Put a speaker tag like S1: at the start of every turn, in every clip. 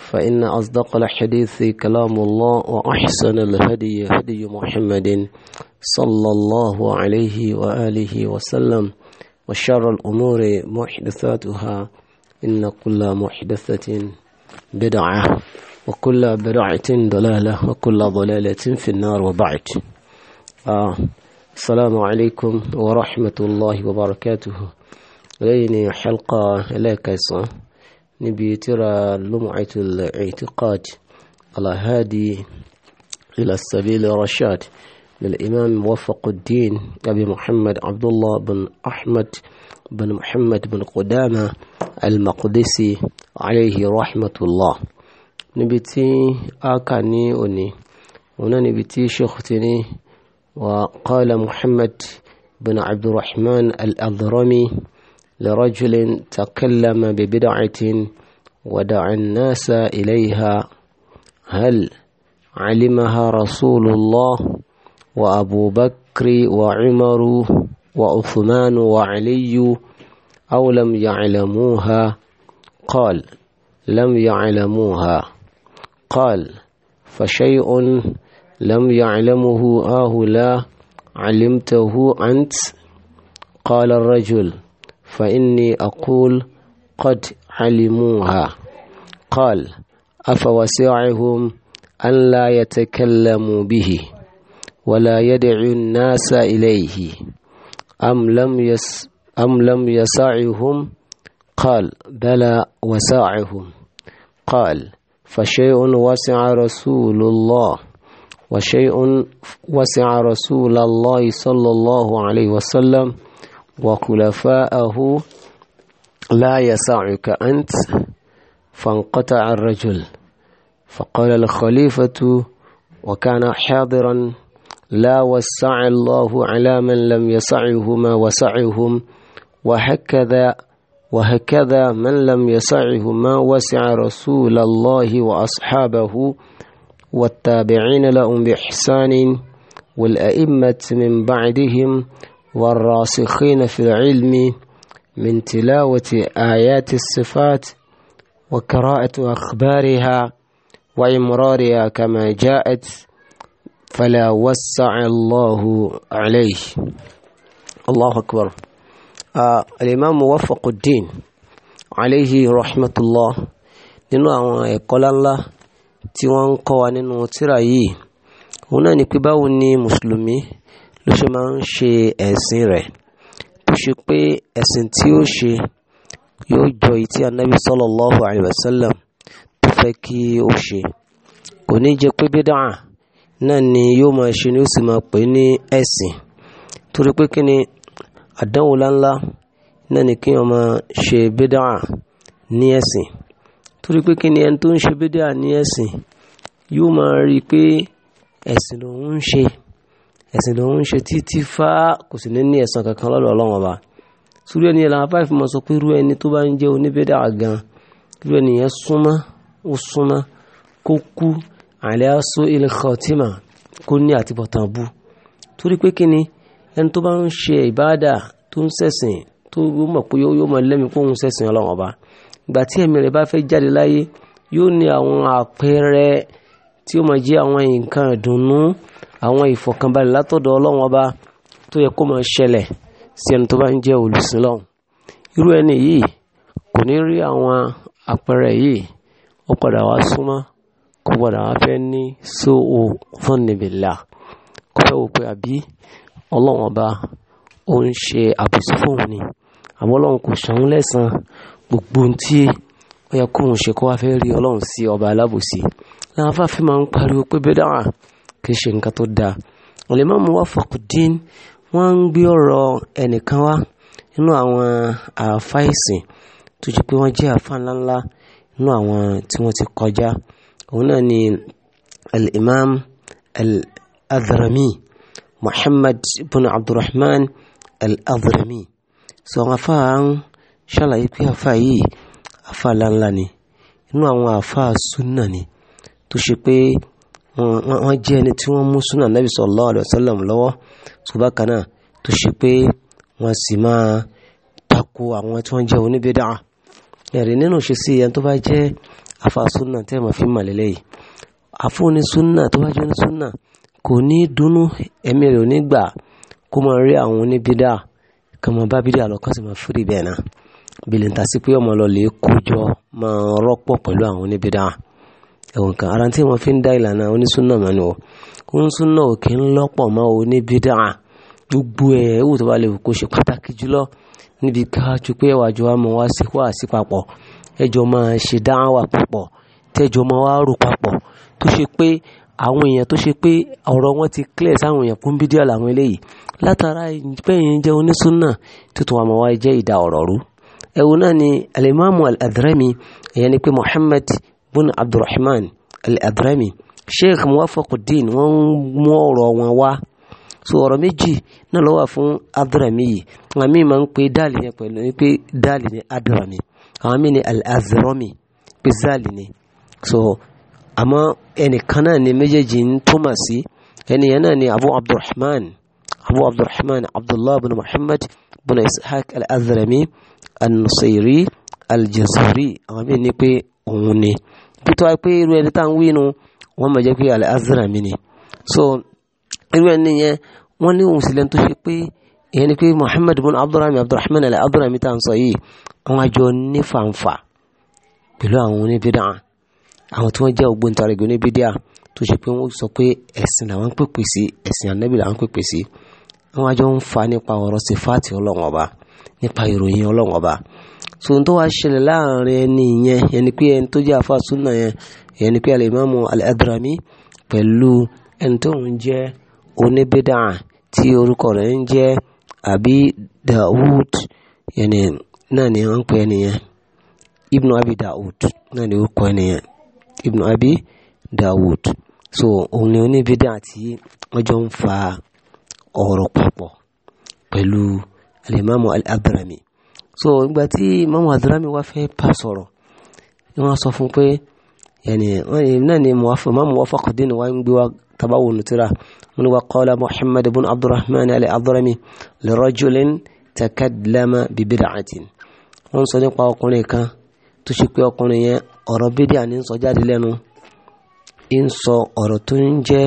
S1: فإن أصدق الحديث كلام الله وأحسن الهدي هدي محمد صلى الله عليه وآله وسلم وشر الأمور محدثاتها إن كل محدثة بدعة وكل بدعة ضلالة وكل ضلالة في النار وبعد آه. السلام عليكم ورحمة الله وبركاته ليني حلقة لا كيسة نبي ترى لمعة الاعتقاد على هادي إلى sabil الرشاد للإمام موفق الدين أبي محمد عبد الله بن أحمد بن محمد بن قدامة المقدسي عليه رحمة الله نبتي آكاني أني هنا نبتي شيختني وقال محمد بن عبد الرحمن الأضرمي لرجل تكلم ببدعة ودعا الناس إليها هل علمها رسول الله وأبو بكر وعمر وعثمان وعلي أو لم يعلموها قال لم يعلموها قال فشيء لم يعلمه هؤلاء علمته أنت قال الرجل فإني أقول قد علموها قال أفوسعهم أن لا يتكلموا به ولا يدعوا الناس إليه أم لم يس أم لم يسعهم قال بلى وسعهم قال فشيء وسع رسول الله وشيء وسع رسول الله صلى الله عليه وسلم وخلفاءه لا يسعك أنت فانقطع الرجل فقال الخليفة وكان حاضرا لا وسع الله على من لم يسعه ما وسعهم وهكذا وهكذا من لم يسعه ما وسع رسول الله وأصحابه والتابعين لهم بإحسان والأئمة من بعدهم والراسخين في العلم من تلاوة آيات الصفات وقراءة أخبارها وإمرارها كما جاءت فلا وسع الله عليه الله أكبر آه الإمام موفق الدين عليه رحمة الله nínú àwọn ẹ̀kọ́ ńláńlá tí wọ́n ń kọ́ wa ló ṣe máa ń ṣe ẹ̀sìn rẹ̀ tó ṣe pé ẹ̀sìn tí ó ṣe yóò jọ èyí tí anabi sallallahu alayhi wa sallam tó fẹ́ kí ó ṣe kò ní jẹ́ pé bídà náà ni yóò máa ṣe ni ó sì máa pè ní ẹ̀sìn torí pé kí ni àdánwò láńlá náà ni kí wọ́n máa ṣe bídà ní ẹ̀sìn torí pé kí ni ẹni tó ń ṣe bídà ní ẹ̀sìn yóò máa rí i pé ẹ̀sìn lòun ń ṣe ẹ̀sìn ló ń ṣe títí fá kò sì ní ní ẹ̀san kankan lọ́dọ̀ ọlọ́run ọba sùúrù ẹni ẹ̀là apá ìfimọ̀ sọ pé irú ẹni tó bá ń jẹ́ oníbẹ̀dà gan irú ẹni yẹn súnmọ́ ó súnmọ́ kó kú àlẹ́ aṣọ ilẹ̀ kọ̀tìmà kó ní àtibọ̀tàn bu torí pé kí ni ẹni tó bá ń ṣe ìbáàdà tó ń ṣẹ̀sìn tó mọ̀ pé yóò mọ̀ lẹ́mi kó ń ṣẹ̀sìn ọlọ́run ìgbà tí ẹ̀mí rẹ̀ bá fẹ́ jáde láyé yóò ní àwọn àpẹẹrẹ tí ó máa jẹ́ àwọn nǹkan ìdùnnú àwọn ìfọ̀kànbalẹ̀ látọ̀dọ̀ ọlọ́run ọba tó yẹ kó máa ṣẹlẹ̀ sí ẹni tó bá ń jẹ́ olùsìn lọ́hùn irú ẹni yìí kò ní rí àwọn àpẹẹrẹ yìí ó padà wá súnmọ́ kó padà wá fẹ́ ní sóò fúnnibìlà kó fẹ́ wò pé àbí ọlọ́run ọba ó ń ṣe àbùsí fóun ni àmọ́ ọlọ́run kò ṣàwọn lẹ́sàn gbogbo ohun tí ó yẹ kóun ṣe kó wá fẹ́ rí ọlọ́run sí ọba alábòsí làwọn fima máa ń pariwo pé bẹ́ẹ̀ dáhà kì í ṣe nǹkan tó dáa Al-Imam Wafaquddin wọ́n ń gbé ọ̀rọ̀ ẹnìkan wá nínú àwọn àáfà ìsìn tó jẹ́ pé wọ́n jẹ́ àáfà ńláńlá nínú àwọn tí wọ́n ti kọjá òun náà ni al-imam al-adhrami muhammad ibn abdulrahman al-adhrami so àwọn àáfà ń ṣàlàyé pé àáfà yìí àáfà ńláńlá ni nínú àwọn àáfà sunna ni tó ṣe pé wọ́n jẹ́ ẹni tí wọ́n mú súnà nàbì sallallahu alaihi wasallam lọ́wọ́ tó bá kan náà tó ṣe pé wọ́n sì máa tako àwọn tí wọ́n jẹ́ oníbẹ̀dà ẹ̀rí nínú ṣe sí ẹni tó bá jẹ́ afa súnà tẹ́ ẹ̀ máa fi mà lélẹ́yìí àfúnni súnà tó bá jẹ́ ní kò ní dùnnú ẹ̀mí rẹ̀ ò kó máa rí àwọn oníbẹ̀dà kan máa bá bídà lọ sì máa fúri bẹ́ẹ̀ náà bìlìntàsí pé ọmọ lọ lè kójọ máa rọ́pọ̀ pẹ̀lú àwọn oníbẹ̀dà ẹ̀wọ̀n kan ara tí wọ́n fi ń dá ìlànà onísúnà mọ́ ni o onísúnà ò kí ń lọ́pọ̀ mọ́ o ní bídà gbogbo ẹ̀ ẹ̀wù tó bá lè kó ṣe pàtàkì jùlọ níbi káàtó pé ẹwà jọ àmọ́ wá sí wá sí papọ̀ ẹjọ́ máa ṣe dáhàwà papọ̀ tẹ́jọ́ máa wá rò papọ̀ tó ṣe pé àwọn èèyàn tó ṣe pé ọ̀rọ̀ wọn ti clear sáwọn èèyàn fún bídíò làwọn eléyìí látara ìpẹ́yìn jẹ́ onísúnà tuntun àmọ́ wá jẹ́ ìdá ọ̀rọ̀ rú ẹ̀wù náà ni alimami adrami ìyẹn ni pé Muhammad bun abdulrahman al-adrami sheikh muwafaquddin wọ́n mú ọ̀rọ̀ wọn wá so ọ̀rọ̀ méjì náà ló wà fún adrami yìí àwọn míì máa ń pe dáàlì yẹn pẹ̀lú pé dáàlì ni adrami àwọn míì ni al-azrami pé záàlì ni so àmọ́ ẹnìkan náà ni méjèèjì ń túmọ̀ sí ẹnìyẹn náà ni abu abdulrahman abu abdulrahman abdullah bin muhammad bin ishaq al-azrami an-nusayri al-jazuri àwọn míì ni pé òun ni bí tó wá pé irú ẹni tá à ń wí nu wọ́n mọ̀ jẹ́ pé al-Azrami ni so irú ẹni yẹn wọ́n ní òun sì lẹ́nu tó ṣe pé ìyẹn ni pé Muhammad bin Abdurrahman Abdurrahman al-Azrami tá à ń sọ yìí àwọn àjọ ní fàǹfà pẹ̀lú àwọn oníbídà àwọn tí wọ́n jẹ́ ògbóǹtarìgì oníbídà tó ṣe pé wọ́n sọ pé ẹ̀sìn làwọn pèpè sí ẹ̀sìn ànábì làwọn pèpè sí àwọn àjọ ń fa nípa ọ̀rọ̀ sífáàtì ọlọ́run ọba nípa ìròyìn ọlọ́run ọba sòun tó wá ṣẹlẹ̀ láàrin ẹni yẹn ẹni pé ẹni tó jẹ́ àfa súnà yẹn ẹni pé alimami al-Adrami pẹ̀lú ẹni tó ń jẹ́ oníbẹ̀dà tí orúkọ rẹ̀ ń jẹ́ àbí Dawud yẹn náà ni wọ́n ń ẹni yẹn Ibnu Abi daoud náà ni ó kọ ẹni yẹn Ibnu Abi daoud so òun ni oníbẹ̀dà tí wọ́n jọ ń fa ọ̀rọ̀ papọ̀ pẹ̀lú alimamu al-adrami so ìgbà tí imamu al-adrami wá fẹ́ bá sọ̀rọ̀ ni wọ́n sọ fún pé yẹni náà ni imamu wafakadin wa ń gbé wa tabawo nutira wọn ni wa qala muhammad ibn abdulrahman al-adrami lirajulin takadlama bibid'atin wọ́n sọ nípa ọkùnrin kan tó ṣe pé ọkùnrin yẹn ọ̀rọ̀ bídíà ní sọ jáde lẹ́nu ń sọ ọ̀rọ̀ tó ń jẹ́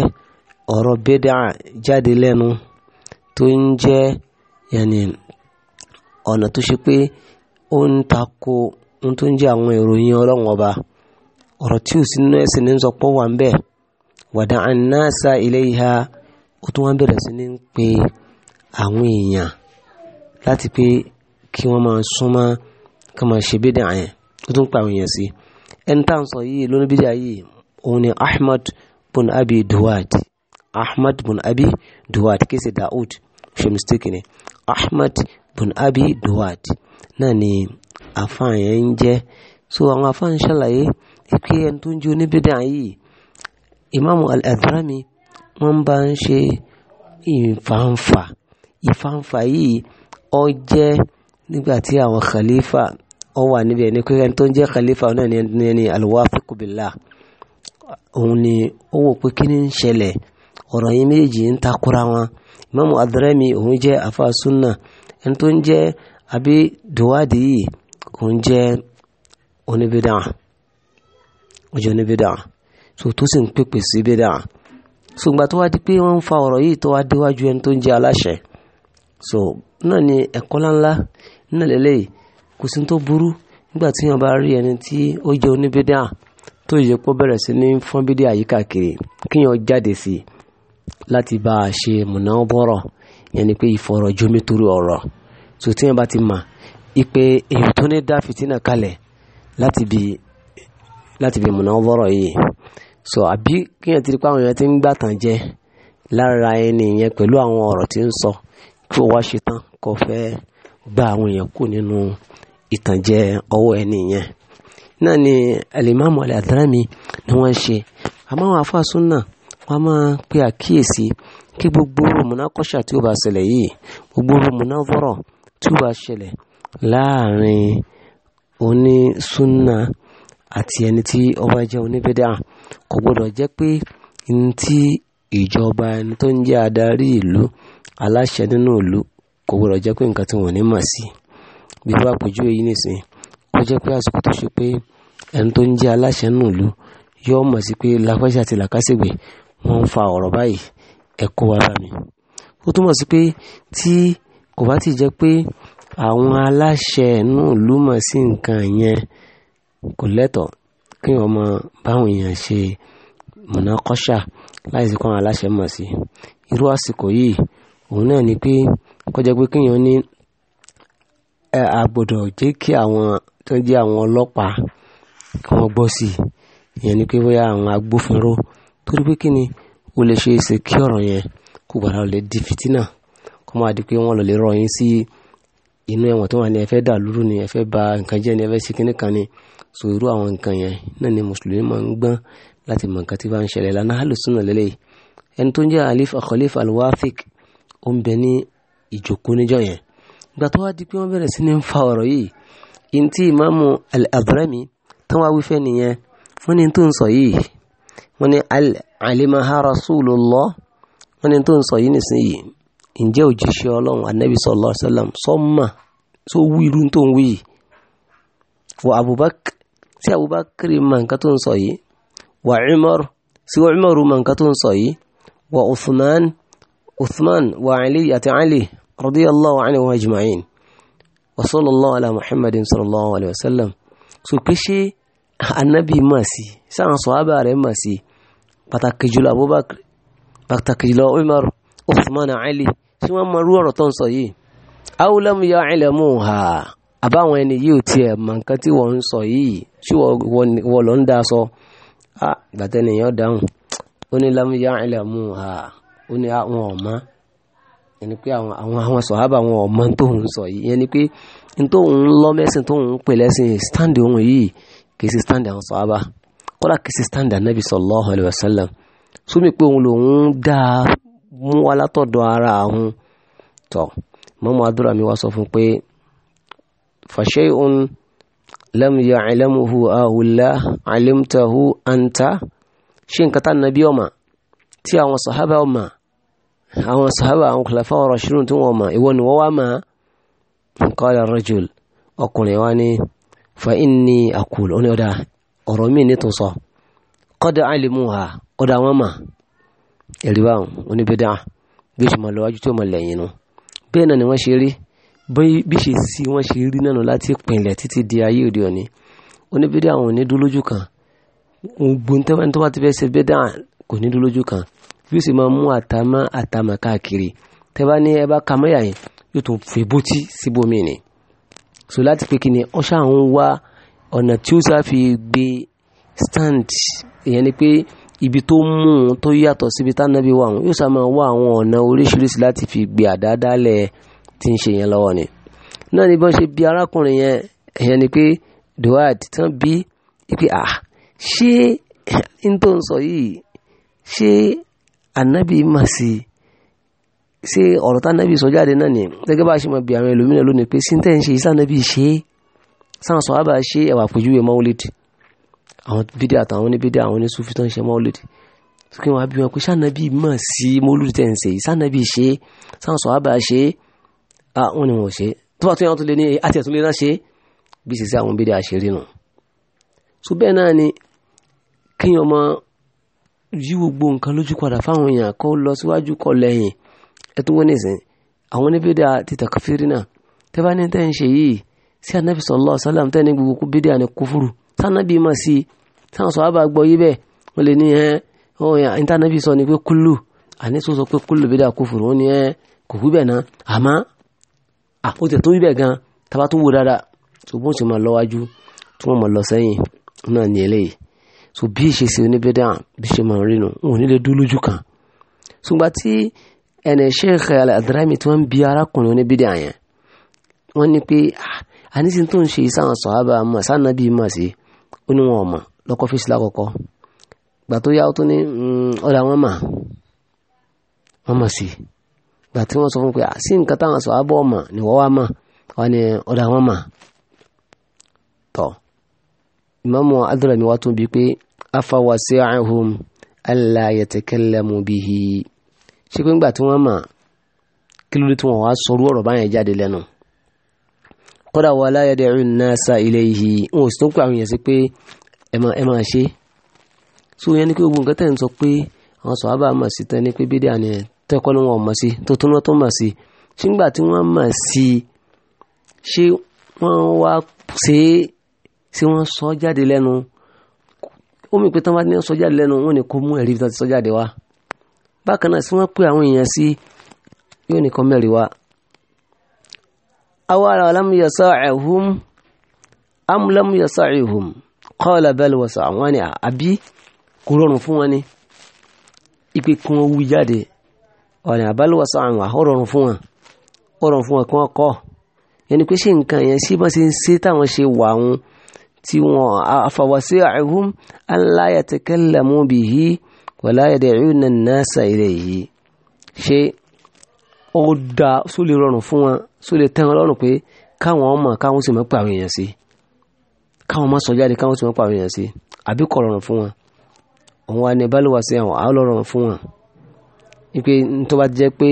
S1: ọ̀rọ̀ bídíà jáde lẹ́nu tó ń jẹ́ yẹnì ọ̀nà tó ṣe pé ó ń tako ohun tó ń jẹ́ àwọn ìròyìn ọlọ́run ọba ọ̀rọ̀ tí ò sí nínú ẹ̀sìn ní ń wà ń bẹ̀ wàdà ànáṣà ilé ìhà ó tún wọ́n bẹ̀rẹ̀ sí ní pe àwọn èèyàn láti pé kí wọ́n máa súnmọ́ kí wọ́n máa ṣe bídà yẹn ó tún pa àwọn èèyàn sí ẹni tá à ń sọ yìí lónìí bídà yìí òun ni Ahmad bun Abi Duwad Ahmad bun Abi Duwad kí ṣe Daoud ṣe mistake ni Ahmad bùn abi duwad náà ni àfáà yẹn ń jẹ́ so àwọn àfáà ń ṣàlàyé pé ẹni tó ń jó ní bídà yìí ìmáàmù al-adrami wọ́n bá ń ṣe ìfàǹfà ìfàǹfà yìí ó jẹ́ nígbà tí àwọn khalifa ó wà níbẹ̀ ní pé tó ń jẹ́ khalifa náà ni ẹni al-wafiqu billah òun ni ó wò pé kí ni ń ṣẹlẹ̀ ọ̀rọ̀ yìí méjì ń takura wọn ìmáàmù al-adrami òun jẹ́ àfáà sunna ẹni tó ń jẹ́ àbí dùwádì yìí kò ń jẹ́ oníbídà ó jẹ́ oníbídà so tó sì ń pèpè sí bídà ṣùgbọ́n tó wá di pé wọ́n ń fa ọ̀rọ̀ yìí tó wá déwájú ẹni tó ń jẹ́ aláṣẹ so náà ni ẹ̀kọ́ ńláńlá náà lélẹ́yìí kò sí tó burú nígbà tí wọ́n bá rí ẹni tí ó jẹ́ oníbídà tó yẹ kó bẹ̀rẹ̀ sí ní fọ́n bídà yìí káàkiri kíyàn jáde sí láti bá a ṣe mọ̀nà bọ́rọ̀ yẹn ni pé ìfọ̀rọ̀jomi torí ọ̀rọ̀ tó tí yẹn bá ti mà ipe èyí tó ní dá fìtínà kalẹ̀ láti bi láti bi múná wọ́rọ̀ yìí so àbí kí yẹn ti rí pé àwọn yẹn ti ń gbàtàn jẹ lára ẹni yẹn pẹ̀lú àwọn ọ̀rọ̀ tí ń sọ kí wọ́n wá ṣe tán kó fẹ́ gba àwọn èèyàn kù nínú ìtànjẹ ọwọ́ ẹni yẹn náà ni alimami aladarami ni wọ́n ṣe àmọ́ àwọn afáàsùn náà wọ́n máa pe àkíyèsí kí gbogbo munakọ́ṣà tí ó bá ṣẹlẹ̀ yìí gbogbo munavọ́rọ̀ tí ó bá ṣẹlẹ̀ láàrin onísúnà àti ẹni tí ọba jẹ́ oníbẹ̀dà kò gbọ́dọ̀ jẹ́ pé ní ti ìjọba ẹni tó ń jẹ́ adarí ìlú aláṣẹ nínú ìlú kò gbọ́dọ̀ jẹ́ pé nǹkan tí wọ́n ní mọ̀ sí bí wọ́n àpèjú èyí nìsín ó jẹ́ pé àsìkò tó ṣe pé ẹni tó ń jẹ́ aláṣẹ nínú ìlú yóò mọ̀ sí pé lápẹ́ṣẹ́ àti làkàṣègbè wọ́n ń fa ọ̀rọ̀ báyìí ẹ kó wá mi ó túmọ̀ sí pé tí kò bá ti jẹ́ pé àwọn aláṣẹ inú ìlú mọ̀ sí nǹkan yẹn kò lẹ́tọ̀ọ́ kí wọ́n mọ báwọn èèyàn ṣe mọ̀nàkọ́ṣà láì sí kó àwọn aláṣẹ mọ̀ sí irú àsìkò yìí òun náà ni pé kọjá pé kéèyàn ní a gbọ́dọ̀ jẹ́ kí àwọn tó jẹ́ àwọn ọlọ́pàá kí wọ́n gbọ́ sí i ìyẹn ni pé bóyá àwọn agbófinró torí pé kí ni ó lè ṣe é ṣe kí ọ̀rọ̀ yẹn kó gbàdá lè di fìtínà kó máa di pé wọ́n lọ lè rọ yín sí inú ẹ̀wọ̀n tó wà ní ẹ dà lúrú ni ẹ ba bà nǹkan jẹ́ ni ẹ fẹ́ ṣe kíní kan ni so irú àwọn nǹkan yẹn náà ni mùsùlùmí máa ń gbọ́n láti mọ nǹkan tí bá ń ṣẹlẹ̀ lánàá àlùsùn náà lélẹ̀ ẹni tó ń jẹ́ alif akọlif alwafik ó ń bẹ ní ìjókòó níjọ́ yẹn ìgbà tó wá di pé wọ́n bẹ̀rẹ̀ sí ní ń fa ọ̀rọ̀ yìí in tí ìmáàmù al-Abrami tán wá wífẹ́ nìyẹn wọ́n ní tó ń sọ yìí wọ́n ní alimaha rasulullah wọ́n ní tó ń sọ yìí nísìnyí ǹjẹ́ òjíṣẹ́ ọlọ́run anabi sallallahu alaihi wasallam sọ́mà tó wú irú tó ń wí yìí wọ abubakar sí abubakar mọ nǹkan tó ń sọ yìí wọ umar sí umar mọ nǹkan tó ń sọ yìí wọ uthman uthman wọ ali àti ali radiyallahu anhu ajma'in wa sallallahu ala muhammadin sallallahu alaihi wasallam so pé anabi mà sí sáwọn sọ̀hábà rẹ̀ mà sí pàtàkì jùlọ Abubakar pàtàkì jùlọ Umar Uthman Ali tí wọ́n mọ irú ọ̀rọ̀ tó ń sọ yìí aw lam ya'lamuha àbáwọn ẹni yìí ò tiẹ̀ mọ nǹkan tí wọ́n ń sọ yìí wọ́n lọ ń da sọ gbàtẹ́ dáhùn ó ní lam ó ní àwọn ọ̀mọ́ pé àwọn àwọn sọ̀hábà àwọn ọ̀mọ́ sọ yìí pé pè lẹ́sìn stand òun yìí kì í sì stand àwọn sọ̀hábà. kọ́lá kìsì stand anabi sallallahu alayhi wa sallam súnmi pé òun lòun dáa mú wa látọ̀dọ̀ ara àwọn tọ̀ mọ́mú àdúrà mi wá sọ fún pé fashay'un lam ya'lamuhu ahullah alimtahu anta ṣé nǹkan tá nàbí ọmọ tí àwọn sàhábà ọmọ àwọn sàhábà àwọn khulafa rashidun tí wọ́n mọ̀ ìwọ ni wọ́n wá mọ̀ qala rajul ọkùnrin wa ni fa inni aqul ó ọ̀dà ọ̀rọ̀ míì ní tún sọ qad alimuha ọ̀dà wọn mà ẹ̀rí wa oníbẹ̀dà bí oṣù màlúwa ju tí o mọ̀ lẹ́yìn nu bẹ́ẹ̀ náà ni wọ́n ṣe rí bí ṣe sí wọ́n ṣe rí náà láti pinlẹ̀ títí di ayé òde òní oníbẹ̀dà àwọn ò ní dúró lójú kan gbóntẹ́wọ́n tó bá ti fẹ́ ṣe bẹ́dà kò ní dúró lójú kan bí ó sì máa mú àtàmà àtàmà káàkiri tẹ́ bá ní ẹ bá ka mọ́yà yóò tún fèbótí síbòmí ni so láti pé kí ni ọ̀ṣà ń wá ọ̀nà tí ó sáfi gbé stand ìyẹn ni pé ibi tó mú un tó yàtọ̀ síbi tánàbí wà wọn yóò sá máa wá àwọn ọ̀nà oríṣiríṣi láti fi gbé àdádálẹ̀ tí ń ṣe yẹn lọ́wọ́ ni náà ni bọ́n ṣe bí arákùnrin yẹn ìyẹn ni pé duwad tán bí pé à ah, ṣé n tó ń sọ yìí ṣé ànábì mà sí ṣé ọ̀rọ̀ tánábì sọ jáde náà ni gẹ́gẹ́ bá a ṣe mọ̀ bí àwọn ẹlòmíràn lónìí pé síntẹ́ ń ṣe isánábì ṣe é sáwọn sọ̀hábà ṣe ẹ̀wà àpèjúwe maulid àwọn bídí àtàwọn oníbídí àwọn oníṣúfì tó ń ṣe maulid kí wọ́n á bí wọn pé sànàbí mọ̀ sí maulid tẹ̀ ń ṣe yìí sànàbí ṣe sáwọn sọ̀hábà ṣe àwọn ni wọ́n ṣe tó bá tó yẹn tó lé ní àti ẹ̀tún náà ṣe bí ṣe àwọn bídí àṣírí nù. so bẹ́ẹ̀ náà ni kí wọ́n mọ yí gbogbo nǹkan lójú padà fáwọn èèyàn kó lọ síwájú kó lẹ́yìn ẹ̀ tó wọ́n àwọn oníbídí àti tàkàfírí náà tẹ́ bá ní tẹ́ ń ṣe yìí sí anabi sallallahu alaihi wasallam tẹ́ni gbogbo kú bídíà ní kúfúrú sanabi mà sí sáwọn sọ àbá gbọ́ yí bẹ́ẹ̀ wọ́n lè ní ẹ́ ọ́n yà ní tànàbí sọ ni pé kúlù àní tó sọ pé kúlù bídíà kúfúrú ó ní ẹ́ kò wí bẹ́ẹ̀ náà àmọ́ àkó tẹ̀ tó wí bẹ́ẹ̀ gan tàbá tó wò dáadáa tó bó ti máa lọ wájú tí wọ́n máa lọ sẹ́yìn náà ní eléyìí so bí ìṣe sí oníbẹ́dà bí ṣe máa rí nu òun nílé dúró lójú kan ṣùgbọ́n tí ẹnì Sheikh al tí wọ́n ń bi arákùnrin oníbẹ́dà yẹn wọ́n ní pé ah àníṣin tó ń ṣe ìsáhàn sọ̀hábà mọ̀ sànàbí mọ̀ sí ó ní wọn ọ̀mọ̀ lọ́kọ́ fèsì lákọ̀ọ́kọ́ gbà tó yá ó tó ní mm, ọ̀dà wọn mà wọn mọ̀ sí gbà tí wọ́n sọ fún pé ah, sí nǹkan táwọn sọ̀hábà ọ̀mọ̀ ni wọ́n wá mọ̀ wọn ni ọ̀dà wọn mà tọ̀ ìmáàmù Adrami wa tún bi pé afawasi'ahum alla yatakallamu bihi ṣé pé ńgbà tí wọ́n mọ̀ kí ló dé tí wọ́n wá sọ orú báyẹn jáde lẹ́nu kódà wala yad'u nnasa ilayhi wọn ò sì tó ń pè àwọn èèyàn sí pé ẹ máa ẹ máa ṣe so yẹn ni pé gbogbo nǹkan tẹ̀ ń sọ pé àwọn sọ̀hábà mọ̀ sí tán ni pé bídí àná tẹ́kọ́ ni wọn mọ̀ sí tó tún wọ́n tó mọ̀ sí ṣé nígbà tí wọ́n mọ̀ sí ṣé wọ́n wá ṣe é ṣé wọ́n sọ jáde lẹ́nu ó mì pé tán bá sọ jáde lẹ́nu wọn ni kó mú ẹ̀rí tán ti sọ jáde wá bákan náà sí wọ́n pé àwọn èèyàn sí yóò ní kọ́ mẹ́rin wá awara lam yasa'ihum am lam yasa'ihum qala bal wasa' àwọn ni àbí kò rọrùn fún wọn ni ipe kí wọ́n wú jáde ọ̀nà àbálùwàsọ àwọn àhọ́rọ̀rùn fún wọn ọ̀rọ̀rùn fún wọn kí wọ́n kọ́ ẹni pé ṣé nǹkan yẹn ṣé bá ṣe ń ṣe táwọn ṣe wà wọn tí wọn àfàwàṣe àìhùn aláyàtẹkẹlẹmú bì í wàláyàdẹ ìrìnà náà ṣàìrẹ yìí ṣé ó dáa sólè rọrùn fún wọn só lè tẹ́ wọn lọ́rùn pé káwọn ọmọ káwọn sì mọ́ pa àwọn èèyàn sí káwọn ọmọ sọ jáde káwọn sì mọ́ pa àwọn èèyàn sí àbí kọ̀ rọrùn fún wọn òun wa ní balùwà sí àwọn àwọn lọ́rùn fún wọn wípé tó bá jẹ́ pé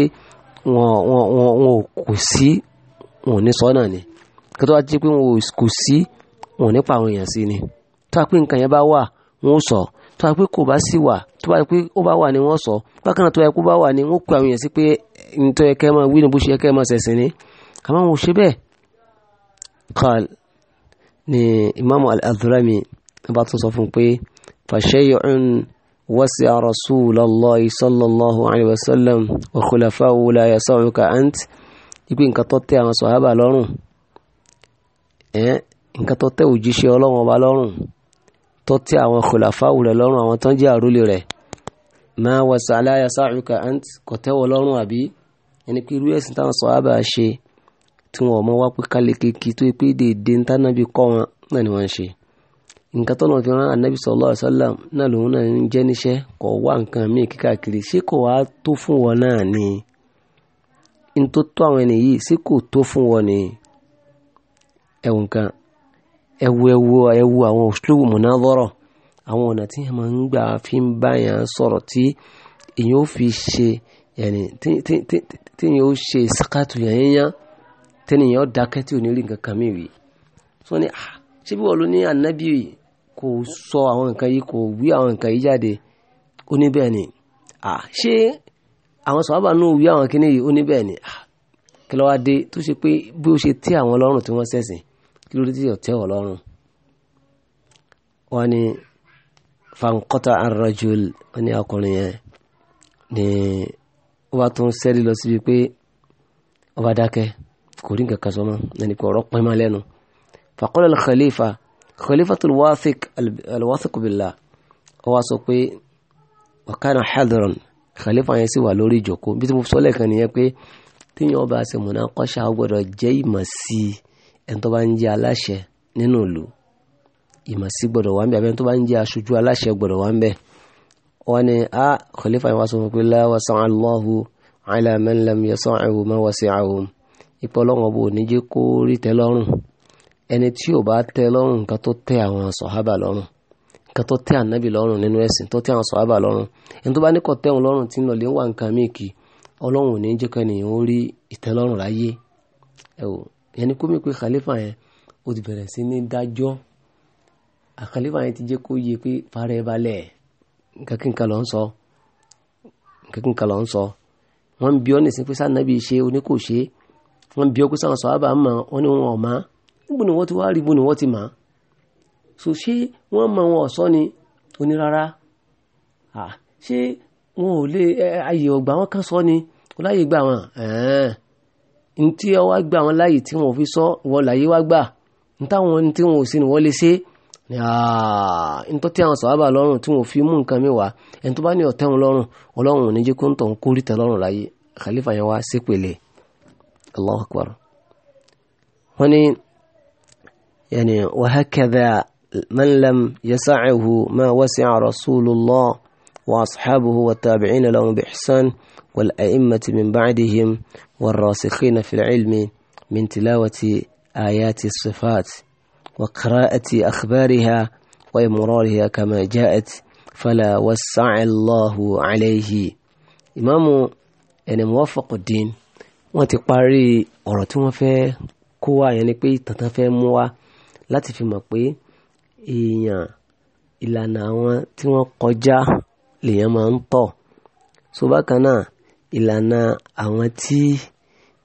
S1: wọn wọn wọn ò kò sí wọn ò ní sọ náà ni kí tó bá jẹ́ pé wọn ò kò sí wọn ò ní pa àwọn èèyàn sí ni tó bá pé nǹkan yẹn bá wà wọn ò sọ tó bá pé kò bá sí wà tó bá pé ó bá wà ni wọ́n sọ bákan náà tó bá pé ó bá wà ni wọ́n kó àwọn èèyàn sí pé nítorí ẹ̀kẹ́ máa wí ni bó ṣe ẹ̀kẹ́ máa ṣẹ̀sìn ni. كمان وشبه قال ni imaamu al-adhrami bá tún sọ fún un pé fàṣẹyọ̀n wasi'a rasulallahi sallallahu alayhi wa sallam wa khulafahu la yasa'uka ant ipe nǹkan tó tẹ́ àwọn sọ̀hábà lọ́rùn ẹ̀ nǹkan tó tẹ́ òjíṣẹ́ ọlọ́run ọba lọ́rùn tó tẹ́ àwọn khulafahu rẹ̀ lọ́rùn àwọn tó ń jẹ́ àrólé rẹ̀ ma wasi'a la yasa'uka lọ́rùn àbí ẹni pé irú ẹ̀sìn táwọn sọ̀hábà ṣe tí wọn mọ wá pé kálí tó yẹ pé dèédé ń tánàbí kọ́ wọn náà ni ń ṣe nǹkan tó fi rán anabi sallallahu alaihi náà lòun náà ń jẹ́ níṣẹ́ kọ̀ wá nǹkan míì kíkàkiri ṣé kò wá tó fún wọn náà ni n tó tó àwọn ẹni yìí ṣé kò tó fún wọn ni ẹwù nǹkan ẹwù ẹwù ẹwù àwọn òṣèlú munadhara àwọn ọ̀nà fi ń sọ̀rọ̀ tí ó fi tẹ́nìyàn dákẹ́ tí ò ní rí nǹkan kan mìíràn sọ ni ah, ṣé bí wọ́n ló ní ànábì kò sọ àwọn nǹkan yìí kò wí àwọn nǹkan yìí jáde ó ní bẹ́ẹ̀ ni ah, ṣé àwọn sọ̀rọ̀ bá nù wí àwọn kíní ó ní bẹ́ẹ̀ ni ah, kí ló wá dé tó ṣe pé bí ó ṣe tẹ́ àwọn lọ́rùn tí wọ́n ṣẹ̀sìn kí ló dé tí ọ̀tẹ́ ọ̀ lọ́rùn wọ́n ní fankọ́tà arrajul wọ́n ọkùnrin yẹn ni ó bá tún sẹ́rí lọ síbi pé ó bá dákẹ́ kò rí nǹkan kan sọ mọ́ ẹni pé ọ̀rọ̀ pín má lẹ́nu faqala al-khalifa khalifatul wathiq al-wathiq billah ó wá sọ pé wa kana hadiran khalifa yẹn sì wà lórí ìjókòó bí tí mo sọ lẹ́ẹ̀kan nìyẹn pé tíyẹn ọba ṣe munaqasha gbọ́dọ̀ jẹ́ ìmọ̀ sí ẹni tó bá ń jẹ́ aláṣẹ nínú ìlú ìmọ̀ sí gbọ́dọ̀ wá ń bẹ̀ abẹ́ni tó bá ń jẹ́ aṣojú aláṣẹ gbọ́dọ̀ wá ń bẹ̀ wọ́n ní a khalifa yẹn wá sọ fún pé la wasa'a Allahu ala man lam yasa'ihu ma wasi'ahum ipò ọlọ́run ọba ò ní jẹ́ kó rí tẹ́ lọ́rùn ẹni tí ò bá tẹ́ lọ́rùn nǹkan tó tẹ́ àwọn sọ̀hábà lọ́rùn nǹkan tó tẹ́ ànábì lọ́rùn nínú ẹ̀sìn tó tẹ́ àwọn sọ̀hábà lọ́rùn ẹni tó bá ní kò tẹ́hùn lọ́rùn tí ń lọ lè ń wà nǹkan míì kì ọlọ́run ò ní jẹ́ kẹ́nìyàn ó rí ìtẹ́lọ́rùn láyé ẹ̀wò yẹn ni kómi pé khalifa yẹn ó ti bẹ̀rẹ̀ sí ní dájọ́ àkhalifa yẹn ti jẹ́ kó yẹ pé fàárẹ̀ balẹ̀ nǹkan kí nǹkan lọ ń sọ nǹkan kí nǹkan lọ ń sọ wọ́n bí ọkú sáwọn sọ̀hábà mọ̀ wọ́n ní wọn ò má níbo ni wọ́n ti wá rí ibo ni wọ́n ti mà so ṣé wọ́n mọ wọn ọ̀sọ́ ni onírara ṣé wọn ò lè ayè ọgbà wọn kan sọ ni láyè gbà wọn ntí ọwọ́ gbà wọn láyè tí wọn ò fi sọ wọn láyè wá gbà ntáwọn ntí wọn ò sí ni wọ́n lè ṣe ntọ́ tí àwọn sọ̀hábà lọ́rùn tí wọn ò fi mú nǹkan mi wá ẹni tó bá ní ọ̀tẹ́wọn lọ́rùn ọlọ́run ò ní jẹ́ kó ń tọ̀ ń kórìtà lọ́rùn láyé khalifa yẹn wá ṣépele. الله أكبر هنا يعني وهكذا من لم يسعه ما وسع رسول الله وأصحابه والتابعين لهم بإحسان والأئمة من بعدهم والراسخين في العلم من تلاوة آيات الصفات وقراءة أخبارها وإمرارها كما جاءت فلا وسع الله عليه إمام يعني موفق الدين wọ́n ti parí ọ̀rọ̀ tí wọ́n fẹ́ kó wá yẹn ni pé ìtàn tán fẹ́ mú wá láti fi mọ̀ pé èèyàn ìlànà àwọn tí wọ́n kọjá lèèyàn máa ń tọ̀ so bákan náà ìlànà àwọn tí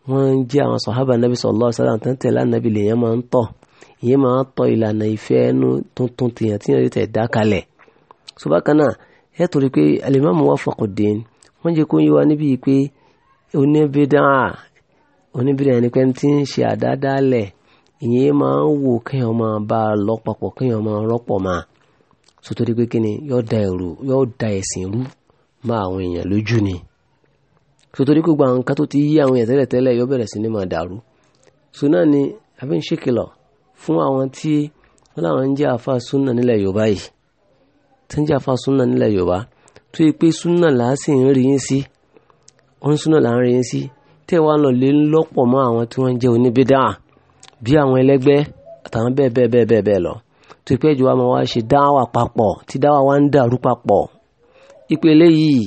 S1: wọ́n ń jẹ́ àwọn sọ̀hábà nàbí sallallahu alaihi wasallam tán tẹ̀lé ànábì lèèyàn máa ń tọ̀ ìyẹn máa ń tọ̀ ìlànà ìfẹ́ ẹnu tuntun tèèyàn tí yẹn lè tẹ̀ dá kalẹ̀ so bákan náà ẹ̀ torí pé al oníbídán à oníbídán ẹni pé tí ń ṣe àdádálẹ̀ ìyẹn máa ń wò kéèyàn máa bá a lọ́pọ̀pọ̀ kéèyàn máa rọ́pọ̀ máa sotori pé kí ni yóò da èrò yóò da ẹ̀sìn rú máa àwọn èèyàn lójú ni sotori pé gbogbo àwọn nǹkan tó ti yí àwọn èèyàn tẹ́lẹ̀ tẹ́lẹ̀ yóò bẹ̀rẹ̀ sí ni máa dàrú so náà ni àbí ń ṣèkìlọ̀ fún àwọn tí wọ́n láwọn ń jẹ́ àfa súnà nílẹ̀ Yorùbá yìí tí ń jẹ́ àfa súnà nílẹ̀ Yorùbá tó yẹ pé súnà làá ń rí yín sí ń súná là ń rin sí tẹ́ wàá lọ lé lọ́pọ̀ mọ́ àwọn tí wọ́n ń jẹ́ oníbídà bí àwọn ẹlẹ́gbẹ́ àtàwọn bẹ́ẹ̀ bẹ́ẹ̀ bẹ́ẹ̀ bẹ́ẹ̀ bẹ́ẹ̀ lọ tó pé jù wá máa wá ṣe dáwà papọ̀ tí dáwà wá ń dàrú papọ̀ ìpele yìí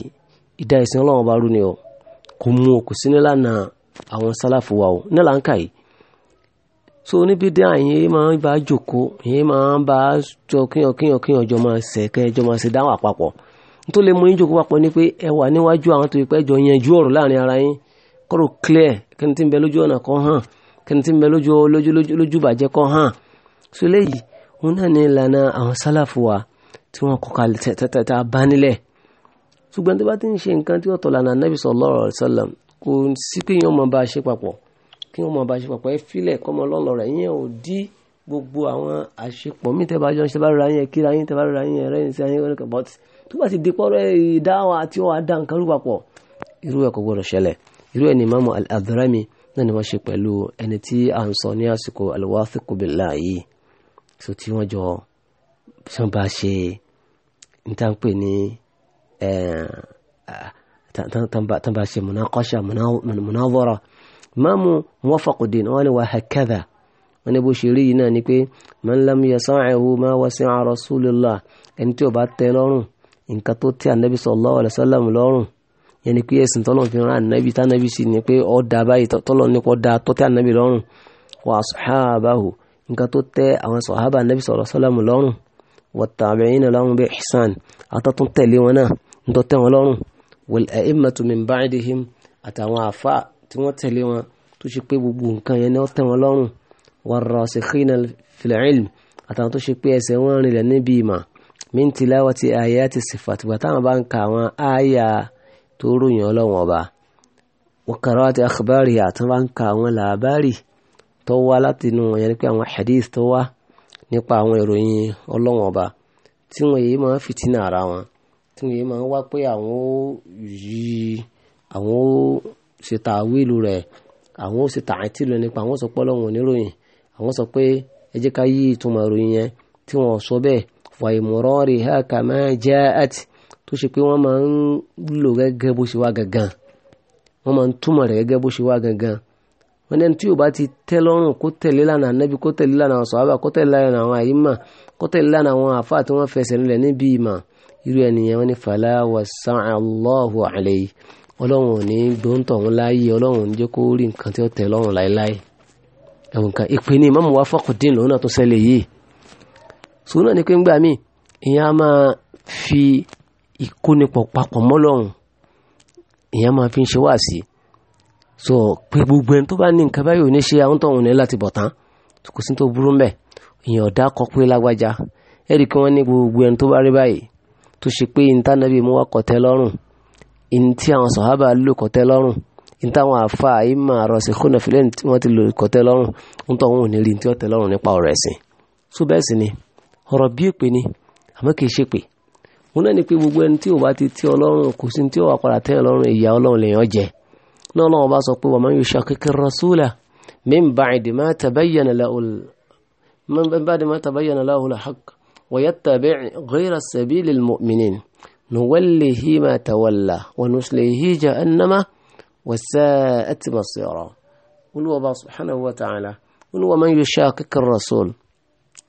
S1: ìdá ìsìn ọlọ́run ọba rú ni o kò mú o kò sí nílànà àwọn sálàfù wa o nílà ń yìí so oníbídà ìyẹn máa ń bá jòkó ìyẹn máa ń bá jọ kíyàn jọ máa ṣẹ̀ jọ máa ṣe dáwà papọ̀ tó lè mú yín jókòó papọ̀ ni pé ẹ wà níwájú àwọn tó yẹ pé ẹjọ́ yanjú ọ̀rọ̀ láàrin ara yín kọ́rọ̀ clear kẹ́ni tí ń bẹ lójú ọ̀nà kan hàn kẹ́ni tí ń bẹ lójú lójú lójú bàjẹ́ kan hàn so léyìí òun náà ní ìlànà àwọn sálàfù wa tí wọ́n kọ́ kalẹ̀ tẹ́tẹ́tẹ́ bá nílẹ̀ ṣùgbọ́n tó bá ti ń ṣe nǹkan tí ọ̀tọ̀ lànà nàbì sallallahu alaihi wasallam kò sí pé yín ọmọ bá a ṣe papọ̀ kí wọ́n mọ̀ bá a ṣe papọ̀ ẹ filẹ̀ kọ́mọ lọ́lọ́ tó bá ti di pọ́rọ́ ìdáhùn àti wọn àdá nǹkan rú papọ̀ irú ẹ̀ kò gbọ́dọ̀ ṣẹlẹ̀ irú ẹ̀ ni Imamu al-Adrami náà ni wọ́n ṣe pẹ̀lú ẹni tí à ń sọ ní àsìkò al-wathiqu billah yìí so tí wọ́n jọ tí wọ́n bá ṣe ntànpé ní tán bá ṣe munaqasha munazara Imamu Muwafaquddin wọ́n ni wa hakadha wọ́n ní bó ṣe rí yìí náà ni pé man lam yasa'hu ma wasi'a rasulullah ẹni tí ò bá tẹ́ lọ́rùn nǹkan tó tẹ́ ànábì sallallahu alaihi wasallam lọ́rùn yẹn ni pé ẹ̀sìn tọ́lọ̀ fi rán ànábì tánábì sì ni pé ọ̀dà báyìí tọ́lọ̀ nípa ọ̀dà tó tẹ́ ànábì lọ́rùn wa ashabahu nǹkan tó tẹ́ àwọn sàhábà ànábì sallallahu alaihi wasallam lọ́rùn wa tabi'ina lahum bi ihsan àtọ́tún tẹ̀lé wọn náà nítorí tẹ́ wọn lọ́rùn wal a'immatu min ba'dihim àtàwọn àfa tí wọ́n tẹ̀lé wọn tó ṣe pé gbogbo nǹkan yẹn ni ó tẹ́ wọn lọ́rùn war rasikhina fil ilm àtàwọn tó ṣe pé ẹsẹ̀ wọn rìnlẹ̀ níbi ìmọ̀ min tilawati ayati sifat gbà táwọn bá ń ka àwọn àyà tó ròyìn ọlọ́wọ́n ọba wa qira'ati akhbari àti bá ń ka àwọn làbárì tó wá láti inú wọn yẹn pé àwọn hadith tó wá nípa àwọn ìròyìn ọlọ́wọ́n ọba tí wọn yìí máa ń fìtínà ara wọn tí wọn yìí máa ń wá pé àwọn ó yí àwọn ó ṣe tàwílù rẹ̀ àwọn ó ṣe tààtìlù nípa àwọn sọ pé ọlọ́wọ́n oníròyìn àwọn sọ pé ẹ jẹ́ ká yí ìtumọ̀ ìròyìn yẹn tí wọn sọ bẹ́ẹ̀ wa ìmọ̀rọ́rì ha kà máa jẹ́ àti tó ṣe pé wọ́n máa ń lò gẹ́gẹ́ bó gangan won ma n túmọ̀ rẹ̀ gẹ́gẹ́ bó ṣe wá gangan wọ́n ní ẹni tí yóò ti tẹ́ lọ́rùn kó tẹ̀lé lànà na kó tẹ̀lé lànà àwọn sọ̀hábà kó tẹ̀lé lànà àwọn àyímà kó tẹ̀lé lànà àwọn àfáà tí wọ́n fẹsẹ̀ nílẹ̀ níbi ìmọ̀ irú ẹnìyẹn wọ́n ní fàlà ò ní láàyè sòun náà ni pé ńgbà míì èèyàn á máa fi ìkónipọ̀ papọ̀ mọ́lọ́run èèyàn máa fi ń ṣe wáàsí so pé gbogbo ẹni tó bá ní nǹkan báyìí ò ní ṣe àwọn tóun ní láti bọ̀ tán kò sí tó burú mbẹ̀ èèyàn ọ̀dà kọ pé lágbájá ẹ̀rí kí wọ́n ní gbogbo ẹni tó bá rí báyìí tó ṣe pé ìntànàbí mú wa kọ̀tẹ́ lọ́rùn ìntí àwọn sàhábà lò kọ̀tẹ́ lọ́rùn ìntí àwọn àfa ìmọ̀ àròsìn kónà fìlẹ́ tí wọ́n ti lò kọ̀tẹ́ lọ́rùn ń tọ́ wọn ò ní rí ní tí wọ́n tẹ́ lọ́rùn nípa ọ̀rọ̀ ẹ̀sìn so ni ọ̀rọ̀ bí èpè ni àmọ́ kì í ṣe pè wọn náà ni pé gbogbo ẹni tí ò bá ti tí ọlọ́run kò sí tí ó wà padà tẹ́ ọlọ́run ìyá ọlọ́run lèèyàn jẹ náà ọlọ́run bá sọ pé wa man yushaqiqi ar-rasula min ba'di ma tabayyana lahul min ba'di ma tabayyana lahul haqq wa yattabi' ghayra sabilil mu'minin nuwallihi ma tawalla wa nuslihi jahannama wa sa'at masira olúwa bá subhanahu wa ta'ala olúwa man yushaqiqi ar-rasul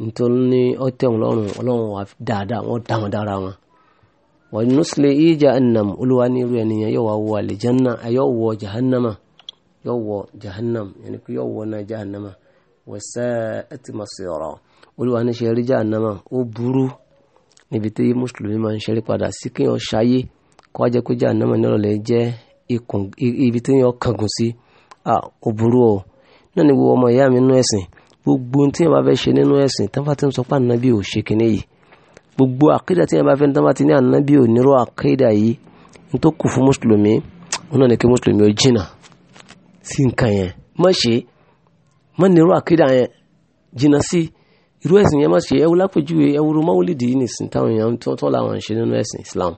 S1: nítorí ní ọtẹ̀wọ̀n lọ́rùn ọlọ́run wà dáadáa wọ́n dáhùn dára wọn. wọ́n nùsùlẹ̀ ìjà ẹ̀nàm olúwa ní irú ẹnìyàn yóò wá wọ àlìjánná yóò wọ jahannama yóò wọ jahannam yẹn kí yóò wọ náà jahannama wọ́n sẹ́ ẹ ti mọ̀ sí ọ̀rọ̀ olúwa ní ṣe rí jahannama ó burú níbi tí mùsùlùmí máa ń ṣe rí padà sí kí wọ́n ṣayé kó wá jẹ́ pé jahannama nírọ̀lẹ́ jẹ́ ibi tí wọ́n kángun sí ó burú o náà ni gbogbo ọmọ ìyá mi nú ẹ̀sìn gbogbo tí yẹn bá fẹ́ ṣe nínú ẹ̀sìn tí wọ́n bá ti ń sọ pé ànábì ò ṣe kinní yìí gbogbo àkídà tí yẹn bá fẹ́ tí wọ́n bá ti ní ànábì ò nírọ̀ àkídà yìí n tó kù fún mùsùlùmí wọn náà ní kí mùsùlùmí ó jìnà sí nǹkan yẹn má ṣe má nírọ̀ àkídà yẹn jìnà sí irú ẹ̀sìn yẹn má ṣe ẹwú lápèjúwe ẹwúrú máwúlìdì yìí nìsín táwọn èèyàn tó làwọn ṣe nínú ẹ̀sìn Islam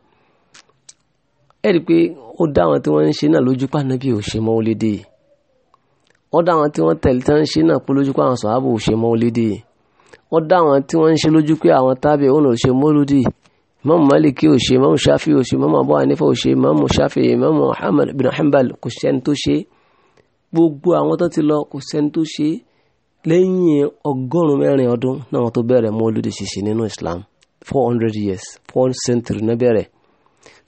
S1: ẹ rí i pé ó dá àwọn tí wọ́n ń ṣe náà lójú pàànàbí ò ṣe máwúlìdì yìí wọ́n dá àwọn tí wọ́n tẹ̀lé tán ṣe náà pé lójú pé àwọn sọ̀hábù ò ṣe mọ́lídì wọ́n dá àwọn tí wọ́n ń ṣe lójú pé àwọn tábì òun ò ṣe mọ́lídì Imam Maliki ò ṣe Imam Shafi ò ṣe Imam Abu Hanifa ò ṣe Imam Shafi Imam Ahmad bin Hanbal kò sẹ́ni tó ṣe gbogbo àwọn tó ti lọ kò sẹ́ni tó ṣe lẹ́yìn ọgọ́rùn-ún mẹ́rin ọdún náà wọ́n tó bẹ̀rẹ̀ mọ́lídì ṣiṣẹ́ nínú Islam four hundred years four century náà bẹ̀rẹ̀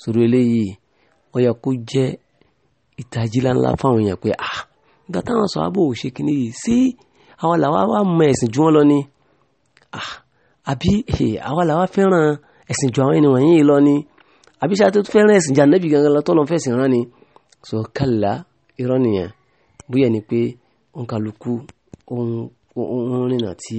S1: sọ̀rọ̀ eléyìí ó yẹ kó jẹ́ ìtají láńlá fáwọn èèyàn pé ah ìgbà táwọn sọ abò ṣe kìíní yìí sí àwa làwa wà mọ ẹ̀sìn ju wọn lọ ni ah, àbí eh, àwa làwa fẹ́ràn ẹ̀sìn ju àwọn ènìyàn yìí lọ ni àbí ṣáà tó fẹ́ràn ẹ̀sìn ju ànábì gangan lọ tọ́lọ́ fẹ̀sìn rán ni sọ kàlá irọ́ nìyẹn bóyá ni pé òǹkàlùkù òun rìnà tí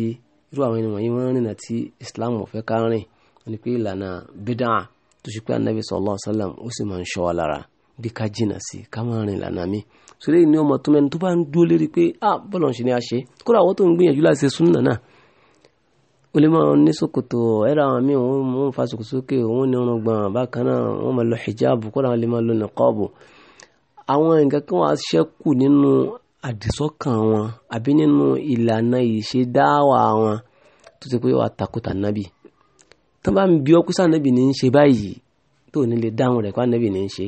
S1: irú àwọn ènìyàn yìí wọ́n rìnà tí Islam ò fẹ́ ká rìn wọ́n ni pé ìlànà bídàn tó ṣe pé ànábì sallallahu alaihi wasallam ó sì máa ń ṣọ́ wa lára bí ká jìnnà sí ká máa rìn ìlànà mi sọlẹ́ ni ọmọ tó mẹ́ni tó bá ń dúró lérí pé ah bọ́lọ̀ ń ṣe ni a ṣe kódà àwọn tó ń gbìyànjú láti ṣe súnà náà ó lè máa ní ṣòkòtò ẹ̀rọ àwọn míì wọ́n mú un fa sókè wọ́n ní irun gbọ̀n bákan náà wọ́n máa lọ hijab kódà wọ́n lè máa lọ niqab àwọn nǹkan kan wá ṣẹ́kù nínú àdìsọ́kàn wọn àbí nínú ìlànà ìṣedáwà wọn tó ti pé wàá takùtà nábì tó bá ń bí ọkùsà nábì ní í ṣe báyìí tó ní lè dáhùn rẹ̀ pé ànábì ní í ṣe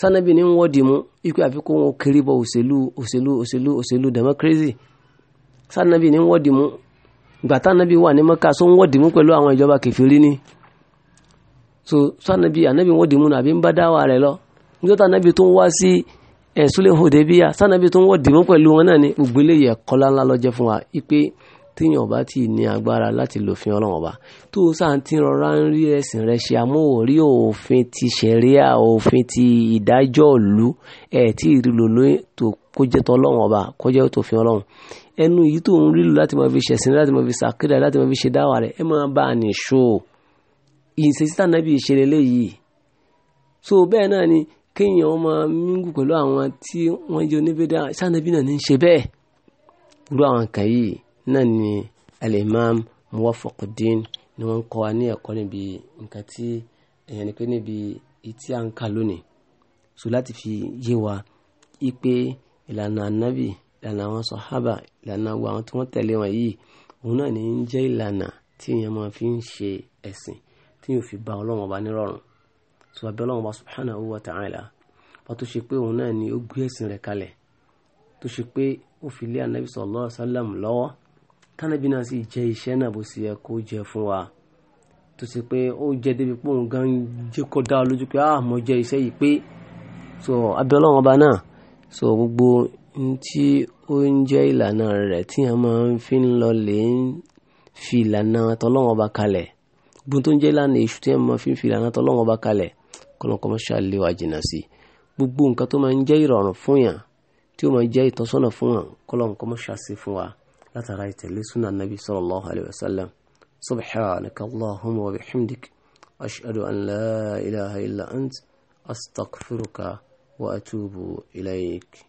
S1: sanabi ni wọ́n dì mú ikú àfikún wọn kiri bọ òṣèlú òṣèlú òṣèlú òṣèlú democracy sanabi ni wọ́n dì gbàtà nabi wà ní maka so wọ́n dì mú àwọn ìjọba kẹfìrí ni so sanabi anabi wọ́n dì mú nàbí ń bá dáwà rẹ̀ lọ níjọ́ta anabi tó ń wá sí ẹ̀sùlẹ̀ eh, hòdẹ́bíyà sanabi tó ń wọ́n dì mú pẹ̀lú wọn náà ni gbogbo eléyìí ẹ̀kọ́ láńlá lọ́jẹ́ fún wa ipe téèyàn bá ti ní agbára láti lòfin ọlọ́run ọba tó o sáà ti rọra ń rí ẹ̀sìn rẹ ṣe amóhòrí òfin ti ṣẹ̀ríà òfin ti ìdájọ́ ìlú ẹ̀ tí ìrìlò lóyún tó kó jẹ́ tọ́ ọlọ́run ọba kó jẹ́ tòfin ọlọ́run ẹnu yìí tó ń rílò láti máa fi ṣẹ̀sìn láti máa fi ṣàkídà láti máa fi ṣe dáwà rẹ̀ ẹ máa bá a nìṣó ìṣesítà náà bí ìṣẹ̀lẹ̀ léyìí so bẹ́ẹ̀ náà ni kéèyàn máa mingù pẹ̀lú àwọn tí wọ́n jẹ́ oníbẹ̀dá sànàbí náà ní í ṣe bẹ́ẹ̀ irú àwọn kan yìí náà ni alimam muwafaquddin ni wọ́n ń kọ́ wa ní ẹ̀kọ́ níbi nǹkan tí èèyàn ní pé níbi tí a ń kà lónìí so láti fi yé wa ipe ìlànà anabi ìlànà àwọn sọ̀hábà ìlànà àwọn àwọn tí wọ́n tẹ̀lé wọn yìí òun náà ní ń jẹ́ ìlànà tí èèyàn máa fi ń ṣe ẹ̀sìn tí yóò fi ba ọlọ́run ọba nírọ̀rùn so abẹ́ ọlọ́run ọba subhanahu wa ta'ala wọ́n tó ṣe pé òun náà ni ó gbé ẹ̀sìn rẹ̀ kalẹ̀ tó ṣe pé ó fi lé anabi sallallahu alaihi wasallam lọ́wọ́ tánàbí náà sì jẹ iṣẹ́ náà bó sì yẹ kó jẹ fún wa tó ṣe pé ó jẹ débi pé òun gan jẹ́ kó lójú pé ah mo jẹ iṣẹ́ yìí pé so abiola ọba náà so gbogbo tí ó ń jẹ́ ìlànà rẹ̀ tí a máa ń fi ń lọ lè ń fi ìlànà tọ́lọ́wọ́n ọba kalẹ̀ gbogbo tó ń jẹ́ ìlànà èṣù tí a máa fi ń fi ìlànà tọ́lọ́wọ́n ọba kalẹ̀ kọ́lọ́kọ́ máa ṣàlẹ́ wa jìnnà sí gbogbo nǹkan tó máa ń jẹ́ ìrọ̀rùn fún yàn tí ó máa jẹ́ ìtọ́sọ́nà fún yàn kọ́lọ́kọ́ ṣàṣe fún wa. لا تريت لي سنة النبي صلى الله عليه وسلم سبحانك اللهم وبحمدك أشهد أن لا إله إلا أنت أستغفرك وأتوب إليك